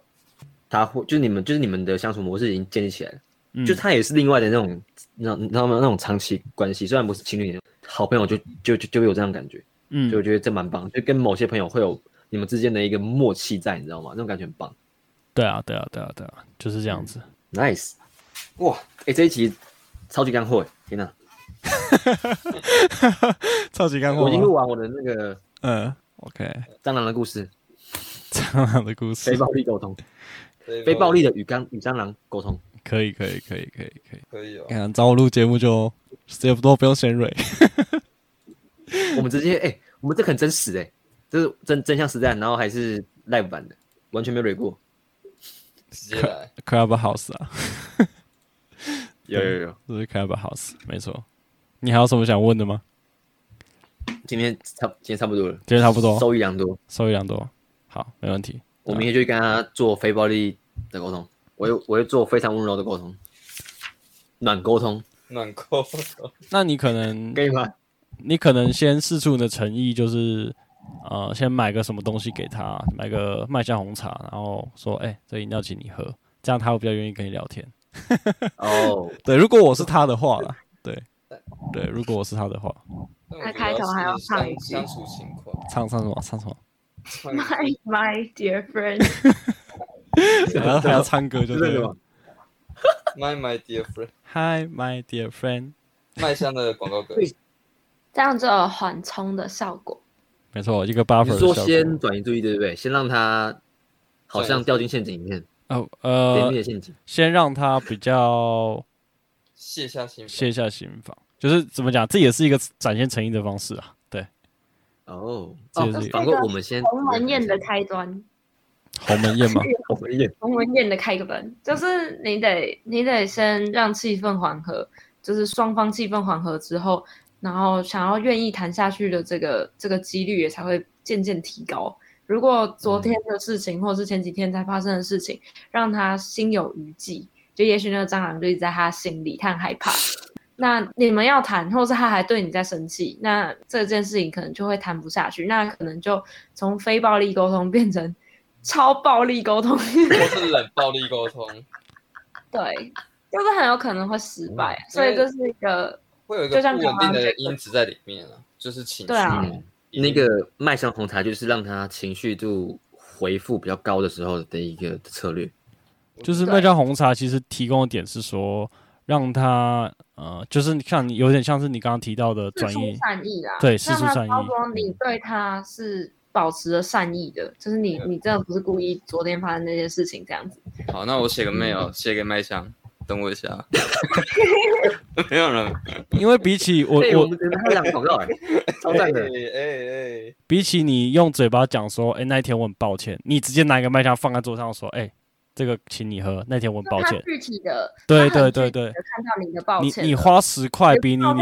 他會就是你們就是你們的相處模式已經建立起來了，嗯，就他也是另外的那種，那你知道嗎？那種長期關係，雖然不是情侶，好朋友就就就，就有這樣感覺，嗯，就我覺得這蠻棒，就跟某些朋友會有你們之間的一個默契在，你知道嗎？那種感覺很棒。對啊，對啊，對啊，對啊，就是這樣子，Nice，哇，誒、欸，這一集。超級乾貨，天哪！ 超級乾貨，我已經錄完我的那個嗯，OK，蟑螂的故事，嗯 okay，蟑螂的故事，非暴力溝通，非暴力的與蟑與蟑螂溝通，可以可以可以可以可以可以，看、哦、找我錄節目就，時間不多，不用先蕊。 我們直接哎、欸，我們這很真實哎，這是真真相實戰，然後還是 live 版的，完全沒 review 過直接來 Club House 啊。 有有有，就是開一把 house，沒錯。你還有什麼想問的嗎？今天差，今天差不多了。今天差不多，收益良多，收益良多。好，沒問題。嗯、我明天就跟他做非暴力的溝通，我我會做非常溫柔的溝通，暖溝通，暖溝通。那你可能 可以嗎？你可能先試出你的誠意，就是呃，先買個什麼東西給他，買個麥香紅茶，然後說：“哎、欸，這飲料請你喝。”這樣他會比較願意跟你聊天。哦，對，如果我是他的話了，對，對，如果我是他的話，oh. oh. 他開頭還要唱一句，唱唱什麼？唱什麼？My my dear friend，然 後還要唱歌就對了，就 是嘛。My my dear friend，Hi my dear friend，麥香的廣告歌，這樣做緩衝的效果，沒錯，一個 buffer 的效果。先轉移注意，對不對？先讓他好像掉進陷阱裡面。哦，呃，先讓他比較卸下心防， 卸下心防，就是怎麼講，這也是一個展現誠意的方式啊。對，哦，就是，不、哦、過我們先鴻、這個、門宴的開端，鴻門宴嗎？鴻、啊、門宴，鴻門宴的開個門，就是你得，你得先讓氣氛緩和，就是雙方氣氛緩和之後，然後想要願意談下去的這個，這個幾率也才會漸漸提高。如果昨天的事情，嗯、或是前幾天才發生的事情，讓他心有餘悸，就也許那個蟑螂就在他心裡，他很害怕。 那你們要談，或是他還對你在生氣，那這件事情可能就會談不下去。那可能就從非暴力溝通變成超暴力溝通，或是冷暴力溝通。 對，就是很有可能會失敗，嗯、所以就是一個會有一個不穩定的因子在裡面、啊、就是情緒。那個麥香紅茶就是讓他情緒度恢復比較高的時候的一個策略，就是麥香紅茶其實提供的點是說讓他呃，就是你看有點像是你剛剛提到的專業善意啊，對，釋出善意，你對他是保持着善意的，就是你你真的不是故意昨天發生那件事情這樣子。 好，那我寫個 mail 寫給麥香。等我一下，沒有了。因為比起我，我， 我 欸欸欸、比起你用嘴巴講說，哎、欸，那一天我很抱歉。你直接拿一個麥香放在桌上說，哎、欸，這個請你喝。那天我很抱歉。具體的，對對對對，對，看到你的抱歉，你你花十塊比你你。抱你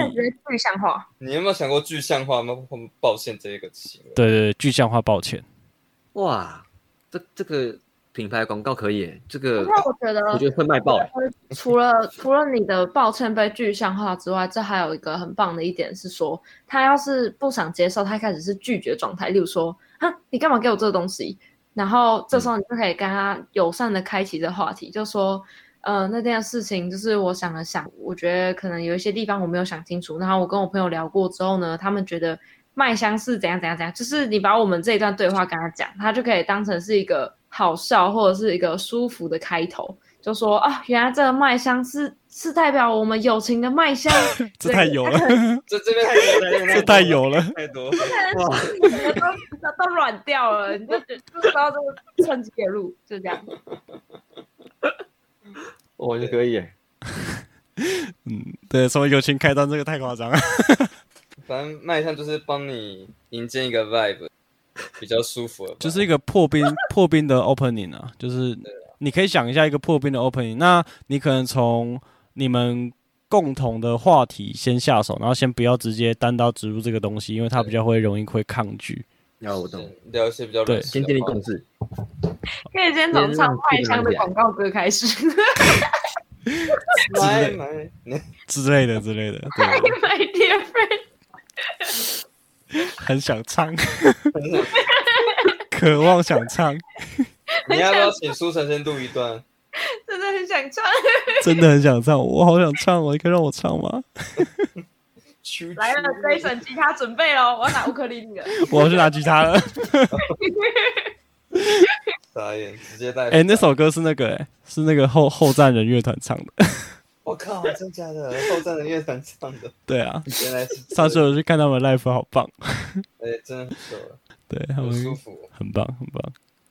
有沒有想過具象化嗎？抱歉，這一個行為。對對對，具象化抱歉。哇，這這個。品牌廣告可以耶，這個、啊、我覺得我覺得會賣爆、欸。除了除了你的抱歉被具象化之外， 這還有一個很棒的一點是說，他要是不想接受，他一開始是拒絕狀態，例如說，哼，你幹嘛給我這個東西？然後這時候你就可以跟他友善的開啟這話題、嗯，就說，呃，那件事情，就是我想了想，我覺得可能有一些地方我沒有想清楚。然後我跟我朋友聊過之後呢，他們覺得麥香是怎樣怎樣怎樣，就是你把我們這一段對話跟他講，他就可以當成是一個。好笑或者是一個舒服的開頭，就說啊，原來這個麥香是是代表我們友情的麥香， 這太油了，這了 這邊太油了，這太油了，太多，哇可能你都 都軟掉了，你就就到時這就趁機給錄，就這樣、 哦。我覺得可以， 嗯，對，從友情開端，這個太誇張了， 反正麥香就是幫你營造一個 vibe。比較舒服了，就是一個破冰 破冰的 opening 啊，就是你可以想一下一個破冰的 opening，那你可能從你們共同的話題先下手，然後先不要直接單刀直入這個東西，因為它比較會容易會抗拒。哦，我懂，對，先建立共識。可以先從唱麥香的廣告歌開始。 之類的之類的，對吧？my dear friend 。很想唱，想唱 渴望想唱。你要不要請蘇晨先錄一段？真的很想唱， 真的很想唱，我好想唱哦！你可以讓我唱嗎？來了，一晨，吉他準備哦，我要拿烏克麗麗，我要去拿吉他了。傻眼，直接帶。哎，那首歌是那個、欸，哎，是那個後後站人樂團唱的。 我靠！真的假的？後站的樂團唱的？ 對啊，原來是、這個。上次我去看他們的 live，好棒。哎、 欸，真的瘦了。對，很舒服，很棒，很棒。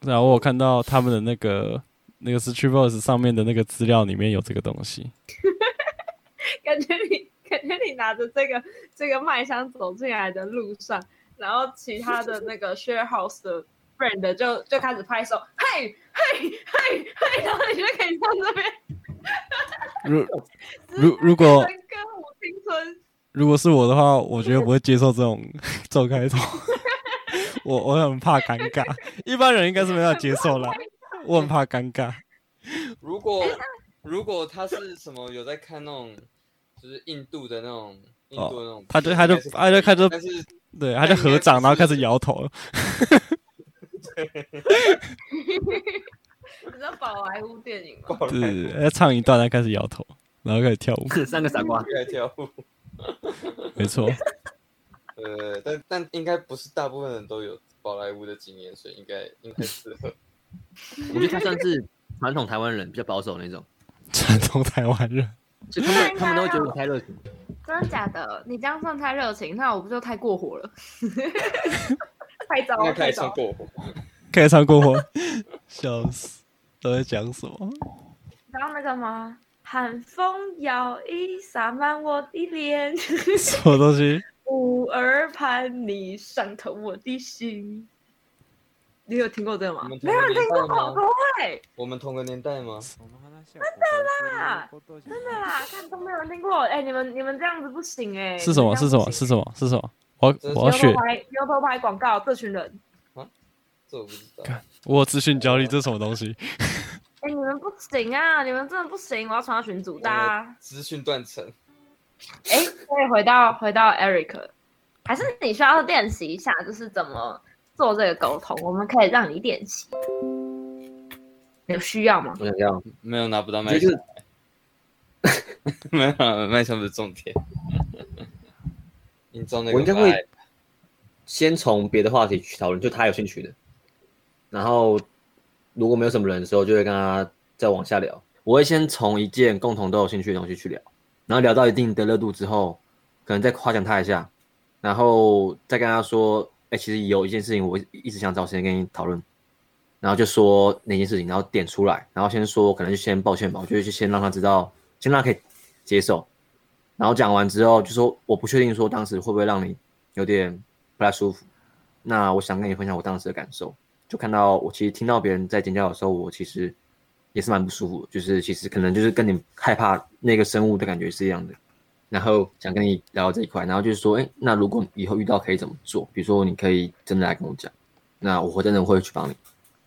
然後、啊、我看到他們的那個那個是 StreetVoice 上面的那個資料裡面有這個東西。 感覺你感覺你拿着這個這個麥香走進來的路上，然後其他的那個 Share House 的 friend 就就開始拍手，嘿，嘿，嘿，嘿，然後你就可以上這邊。如如如果，如果，如果是我的話，我覺得不會接受這種這種開頭， 我我很怕尷尬，一般人應該是沒法接受了，我很怕尷尬。如果如果他是什麼有在看那種，就是印度的那種，印度的那種、哦，他就他就他就，他就看這，對，他就合掌，然後開始搖頭了。 對 你知道寶萊塢電影嗎？對，他唱一段，他開始搖頭，然後開始跳舞。是三個傻瓜，開始跳舞。沒錯。呃，但但應該不是大部分人都有寶萊塢的經驗，所以應該應該是。 我覺得他算是傳統台灣人，比較保守那種。傳統台灣人 他。他們他們都會覺得我太熱情。 真的假的？你這樣算太熱情，那我不就太，過火， 太過火了？太早了，開場過火。開場過火，笑，， 笑死。都在講什麼？唱那個嗎？寒風搖曳，灑滿我的臉。 什麼東西？五兒盤你傷透我的心。你有聽過這個嗎？們個嗎沒有聽過，好不會。我們同個年代嗎？真的啦，真的啦，看都沒有人聽過。哎， 你們你們這樣子不行哎、欸。是什麼,是什麼？是什麼？是什麼？是什麼？我要麼我血。優步拍廣告，這群人。啊、我不知我資訊焦慮， 這是什麼東西？ 哎、欸，你們不行啊！你們真的不行，我要傳到群主，大家資訊斷層。哎、欸，可以回到回到 Eric， 還是你需要練習一下，就是怎麼做這個溝通？我們可以讓你練習。有需要嗎？不要，沒有拿不到麥就是。沒有，麥香的重點。 你做那個我應該會。先從別的話題去討論，就他有興趣的，然後。如果沒有什麼人的時候，就會跟他再往下聊。我會先從一件共同都有興趣的東西去聊，然後聊到一定的熱度之後，可能再誇獎他一下，然後再跟他說：“哎、欸，其實有一件事情，我一直想找時間跟你討論。”然後就說哪件事情，然後點出來，然後先說可能就先抱歉吧，我就先讓他知道，先讓他可以接受。然後講完之後，就說我不確定說當時會不會讓你有點不太舒服。那我想跟你分享我當時的感受。就看到我，其實聽到別人在尖叫的時候，我其實也是蠻不舒服，就是其實可能就是跟你害怕那個生物的感覺是一樣的。然後想跟你聊聊這一塊，然後就是說，誒，那如果以後遇到可以怎麼做？比如說你可以真的來跟我講，那我會真的會去幫你。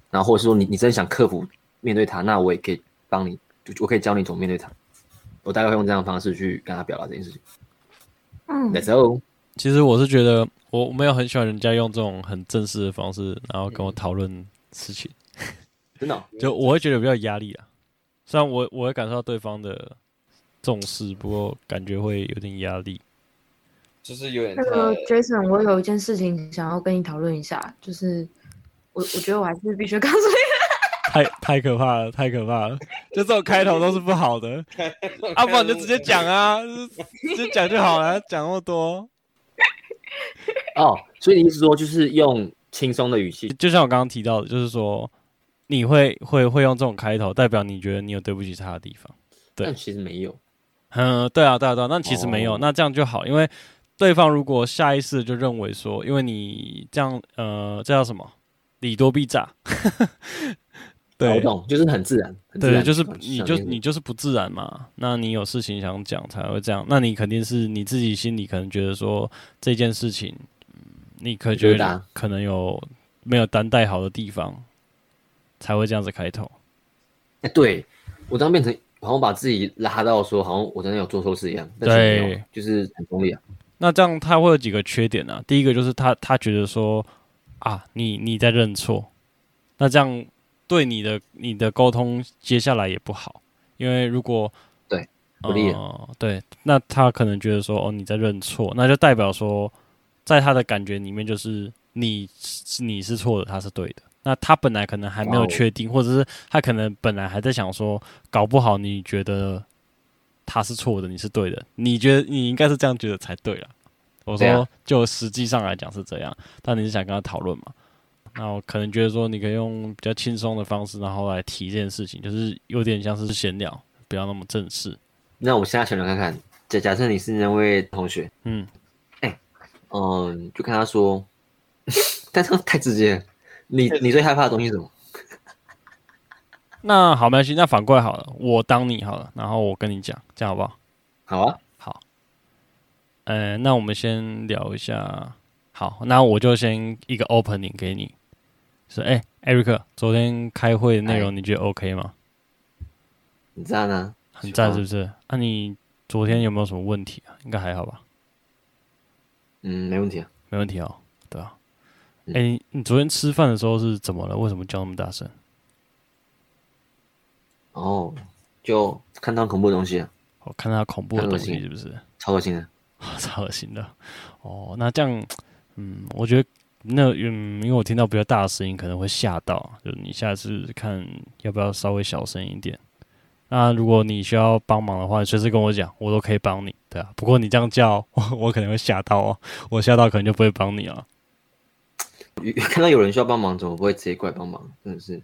然後或者說你你真的想克服面對他，那我也可以幫你，就我可以教你怎麼面對他。我大概會用這樣的方式去跟他表達這件事情。嗯，那走。其實我是覺得我沒有很喜歡人家用這種很正式的方式，然後跟我討論事情，嗯，真的，就我會覺得比較有壓力啊。雖然我我會感受到對方的重視，不過感覺會有點壓力，就是有點。那個 Jason，我有一件事情想要跟你討論一下，就是我我覺得我還是必須告訴你，太太可怕了，太可怕了，就這種開頭都是不好的。阿 寶，你，就直接講啊， 直接講就好了，啊，講那麼多。哦、 oh，所以你意思說就是用輕鬆的語氣，就像我剛剛提到的，就是說你會會會用這種開頭，代表你覺得你有對不起他的地方，對？但其實沒有，嗯，對啊，對啊，對啊，那其實沒有，oh. 那這樣就好，因為對方如果下意識就認為說，因為你這樣，呃，這叫什麼？禮多必詐。 對懂，就是很自然，自然對，就是你就你就是不自然嘛。那你有事情想講才會這樣。那你肯定是你自己心裡可能覺得說，這件事情，你可覺得可能有沒有擔待好的地方，才會這樣子開頭。哎、欸，對我當變成好像把自己拉到說好像我真的有做錯事一樣。對，就是很鋒利啊。那這樣他會有幾個缺點呢？啊？第一個就是他他覺得說啊，你你在認錯，那這樣。對你的你的溝通接下來也不好，因為如果對哦，對、呃、對，那他可能覺得說哦，你在認錯，那就代表說在他的感覺裡面就是你是你是錯的，他是對的。那他本來可能還沒有確定、哦，或者是他可能本來還在想說，搞不好你覺得他是錯的，你是對的。你覺得你應該是這樣覺得才對了。我說、啊、就實際上來講是這樣，但你是想跟他討論嗎？那我可能覺得說，你可以用比較輕鬆的方式，然後來提這件事情，就是有點像是閒聊，不要那麼正式。那我們現在轉頭看看，假假設你是那位同學，嗯，哎、欸，嗯、呃，就看他說，但 是太直接。你你最害怕的東西是什麼？那好沒關係，那反過來好了，我當你好了，然後我跟你講，這樣好不好？好啊，好。嗯、欸，那我們先聊一下，好，那我就先一個 opening 給你。哎、欸，艾瑞克，昨天開會的內容你覺得 OK 嗎？很讚呢？很讚，是不是？那、啊、你昨天有沒有什麼問題啊？應該還好吧？嗯，沒問題、啊，沒問題哦。對啊。哎、嗯欸，你昨天吃飯的時候是怎麼了？為什麼叫那麼大聲？哦，就看到恐怖的東西了。哦，看到恐怖的東西是不是？超噁心的， 超噁心的。哦，那這樣，嗯，我覺得。那嗯，因為我聽到比較大的聲音，可能會嚇到。就你下次看要不要稍微小聲一點。那如果你需要幫忙的話，隨時跟我講，我都可以幫你。對啊，不過你這樣叫我，我可能會嚇到哦。我嚇到可能就不會幫你了。看到有人需要幫忙，怎麼不會直接過來幫忙？真的是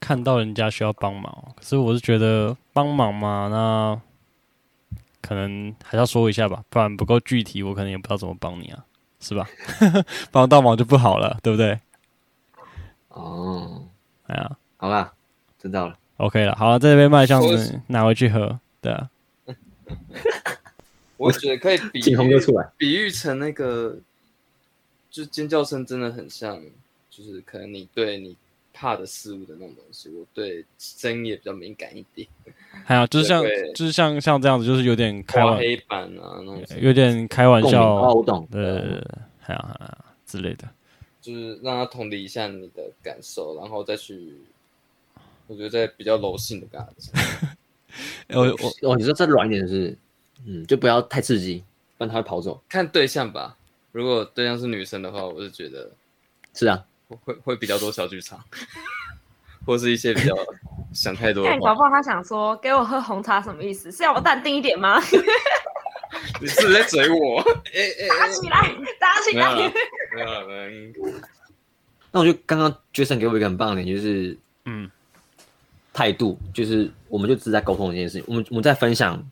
看到人家需要幫忙，可是我是覺得幫忙嘛，那可能還是要說一下吧，不然不夠具體，我可能也不知道怎麼幫你啊。是吧？幫 倒忙，忙就不好了，對不對？哦，哎呀，好啦，知道了，OK 了，好了，在這邊賣箱子，拿回去喝，對啊。 我覺得可以比 比喻成那個，就是尖叫聲真的很像，就是可能你對你怕的事物的那種東西，我對聲音也比較敏感一點。 還有就是像對對，就是像像這樣子，就是有點開玩黑板啊那種，有點開玩笑，啊、對，對，對對還有、啊、之類的，就是讓他同理一下你的感受，然後再去，我覺得在比較柔性的感覺。 嗯、我我哦，你說這軟一點是，是，嗯，就不要太刺激，不然他會跑走。看對象吧，如果對象是女生的話，我是覺得是啊，會會比較多小劇場。啊 或是一些比較想太多。 看你看小胖，他想說給我喝紅茶什麼意思？是要我淡定一點嗎？ 你是不是在嘴我？欸欸欸打起來！打， 打起來！ 那我就剛剛 Jason 給我一個很棒的點，就是嗯，態度，就是我們就只在溝通這件事情，我們我們在分享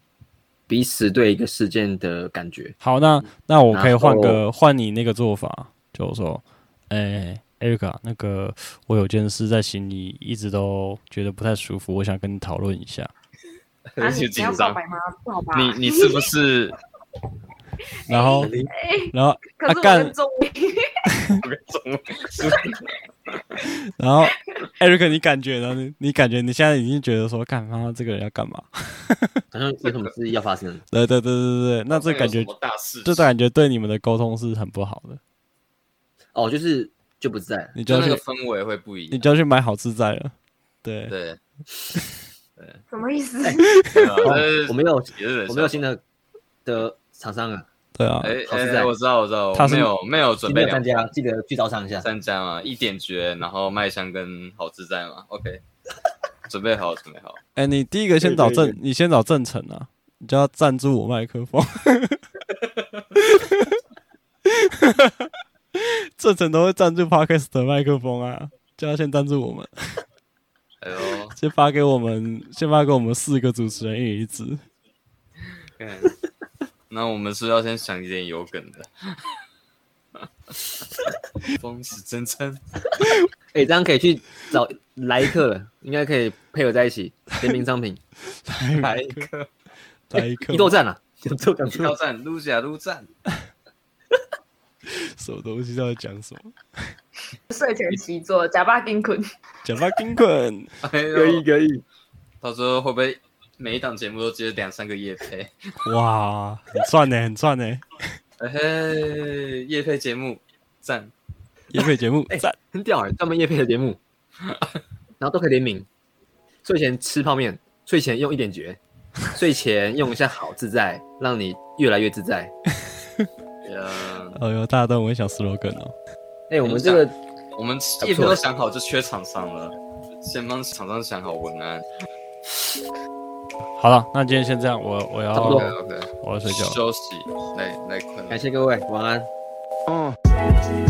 彼此對一個事件的感覺、嗯。好，那那我可以換個換你那個做法，就是說，哎、欸。艾瑞克，那個我有件事在心裡一直都覺得不太舒服，我想跟你討論一下。緊、啊、張你你，你是不是？然 後然後？他、欸、幹。然後艾瑞克，你感覺呢？你你感覺你現在已經覺得說，幹他、啊、這個人要幹嘛？ 好像有什麼事要發生的。對對對對對，對，對、啊，那這感覺這個、感覺對你們的溝通是很不好的。哦，就是。就不在，你就，就那個氛圍會不一樣，你就去買好自在了。對對，對什麼意思？欸啊、 我，我沒有，我沒有新的的廠商啊。對啊，哎、欸、哎、欸，我知道我知道，他是我沒有沒有準備三家，記得去招商一下三家嘛，一點絕，然後麥香跟好自在嘛。OK，準備好準備好。哎、欸，你第一個先找正，你先找正成啊，你就要贊助我麥克風。 這層都會贊助 Podcast 的麥克風啊，就要先贊助我們。哎呦，先發給我們，先發給我們四個主持人一人一支，那我們是不是要先想一點有梗的，風是真春。哎、欸，這樣可以去找來客了，應該可以配合在一起聯名 商品。來客，來客，一路讚、欸啊、了，一路讚，一路讚，Lucia，一路讚。什麼東西？知道講什麼？ 睡前習作，假发金捆，假发金捆， 可以可以。到時候會不會每一檔節目都只有兩三個業配？ 哇，很賺呢，很賺呢。哎、 欸、嘿，業配節目讚，業配節目讚、 欸，很屌哎、欸，專門業配的節目， 然後都可以聯名。睡前吃泡麵，睡前用一點絕，睡前用一下好自在，讓你越來越自在。 哎、yeah. 呃、呦，大家都很想 slogan 呢。哎、欸，我們這個，我們一直沒有想好，就缺廠商了。先幫廠商想好文案。好了，那今天先這樣，我我要，OK 我要睡覺 okay, okay. 休息，來來、那個、困了。感謝各位，晚安。嗯、哦。